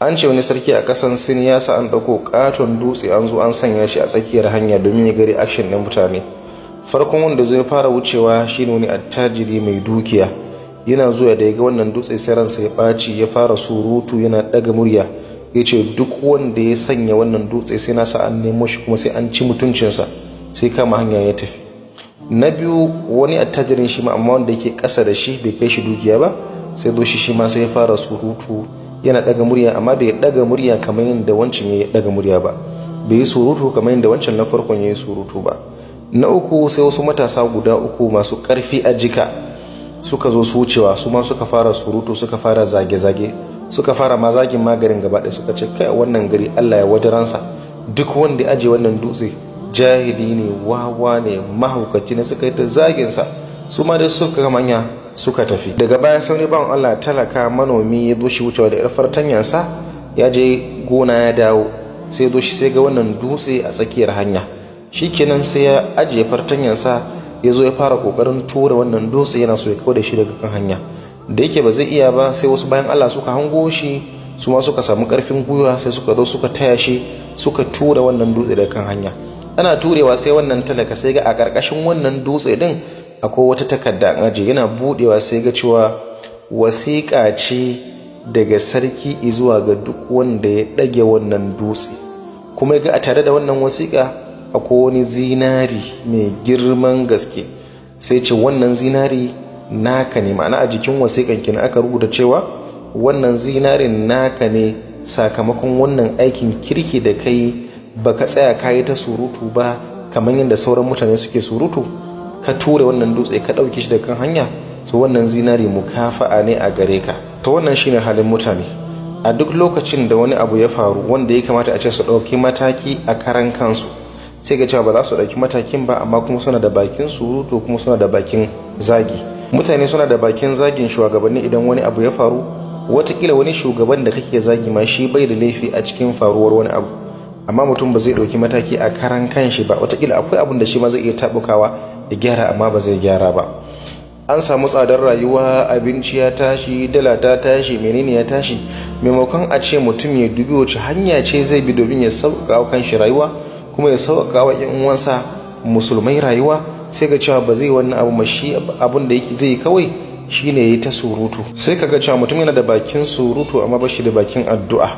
an ce wani sarki a kasan sin ya sa an dauko katon dutse an zo an sanya shi a tsakiyar hanya domin ya gari action na mutane farkon wanda zai fara wucewa shine wani attajiri mai dukiya yana zuwa da ya ga wannan dutse sai ransa ya ɓaci ya fara surutu yana ɗaga murya ya ce duk wanda ya sanya wannan dutse sai na sa an nemo shi kuma sai an ci mutuncinsa sai kama hanya ya tafi na biyu wani attajirin shi ma amma wanda yake ƙasa da shi bai kai shi dukiya ba sai zo shi shi ma sai ya fara surutu yana daga murya amma bai daga murya kamar yadda wancan ya daga murya ba bai yi surutu kamar yadda wancan na farkon ya yi surutu ba na uku sai wasu matasa guda uku masu karfi a jika suka zo su wucewa su ma suka fara surutu suka fara zage-zage suka fara ma zagin maganin gaba ɗaya suka ce kai wannan gari Allah ya wajaransa duk wanda ya aje wannan dutse jahili ne wawa ne mahaukaci ne suka yi ta zaginsa su ma dai suka manya suka tafi daga baya sauni ban Allah talaka manomi ya zo wucewa da yar tanyansa ya je gona ya dawo sai ya sai ga wannan dutse a tsakiyar hanya shi kenan sai ya ajiye fartanyansa ya zo ya fara kokarin tura wannan dutse yana so ya kawo da shi daga kan hanya da yake ba zai iya ba sai wasu bayan Allah suka hango shi su ma suka samu karfin gwiwa sai suka zo suka taya shi suka tura wannan dutse daga kan hanya ana turewa sai wannan talaka sai ga a karkashin wannan dutse din akwai wata takarda an aje yana budewa sai ga cewa wasiƙa ce daga sarki izuwa ga duk wanda ya ɗage wannan dutse kuma ga a tare da wannan wasiƙa akwai wani zinari mai girman gaske sai ce wannan zinari naka ne ma'ana a jikin wasiƙan kina aka rubuta cewa wannan zinarin naka ne sakamakon wannan aikin kirki da kai baka tsaya kayi ta surutu ba kamar yadda sauran mutane suke surutu ka ture wannan dutse ka ɗauke shi da kan hanya to wannan zinari mukafa'a ne a gare ka to wannan shine halin mutane a duk lokacin da wani abu ya faru wanda ya kamata a ce su ɗauki mataki a karan kansu sai ga cewa ba za su ɗauki matakin ba amma kuma suna da bakin surutu kuma suna da bakin zagi mutane suna da bakin zagin shugabanni idan wani abu ya faru watakila wani shugaban da kake zagi ma shi bai da laifi a cikin faruwar wani abu amma mutum ba zai ɗauki mataki a karan kanshi ba watakila akwai abun da shi ma zai iya tabukawa ya gyara amma ba zai gyara ba an samu tsadar rayuwa abinci ya tashi dala ta tashi menene ya tashi maimakon a ce mutum ya dubi wace hanya ce zai bi domin ya sauƙaƙa wa kanshi rayuwa kuma ya sauƙaƙa wa ƴan uwansa musulmai rayuwa sai ga cewa ba zai wannan abu shi abun da yake zai kawai shine yayi ta surutu sai ka ga cewa mutum yana da bakin surutu amma ba shi da bakin addu'a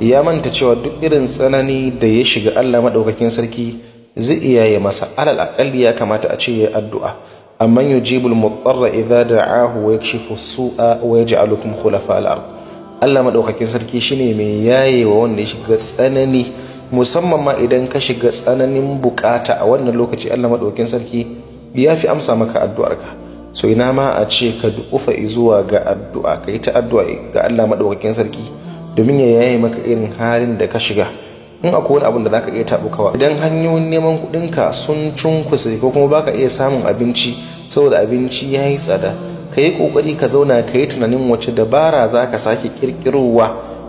ya manta cewa duk irin tsanani da ya shiga Allah maɗaukakin sarki zai iya yi masa alal akalli ya kamata a ce ya addu'a amma yujibul mutarra idza da'ahu wa yakshifu su'a wa yaj'alukum khulafa al-ard Allah maɗaukakin sarki shine mai yaye wa wanda ya shiga tsanani musamman ma idan ka shiga tsananin bukata a wannan lokaci Allah maɗaukakin sarki ya fi amsa maka addu'arka so ina ma a ce ka dukufa zuwa ga addu'a ka yi ta addu'a ga Allah maɗaukakin sarki domin ya yaye maka irin halin da ka shiga in akwai wani abin da zaka iya tabukawa idan hanyoyin neman kuɗinka sun cunkusa ko kuma baka iya samun abinci saboda abinci ya yi tsada ka yi ƙoƙari ka zauna ka yi tunanin wace dabara za ka sake ƙirƙirowa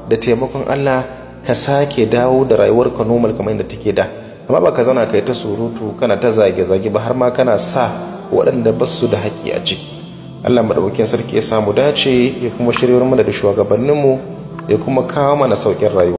da taimakon Allah ka sake dawo da rayuwarka normal kamar yadda take da amma baka zauna ka yi ta surutu kana ta zage-zage ba har ma kana sa waɗanda ba su da haƙƙi a ciki Allah maɗaukin sarki ya samu dace ya kuma shiryar mana da shugabanninmu ya kuma kawo mana saukin rayuwa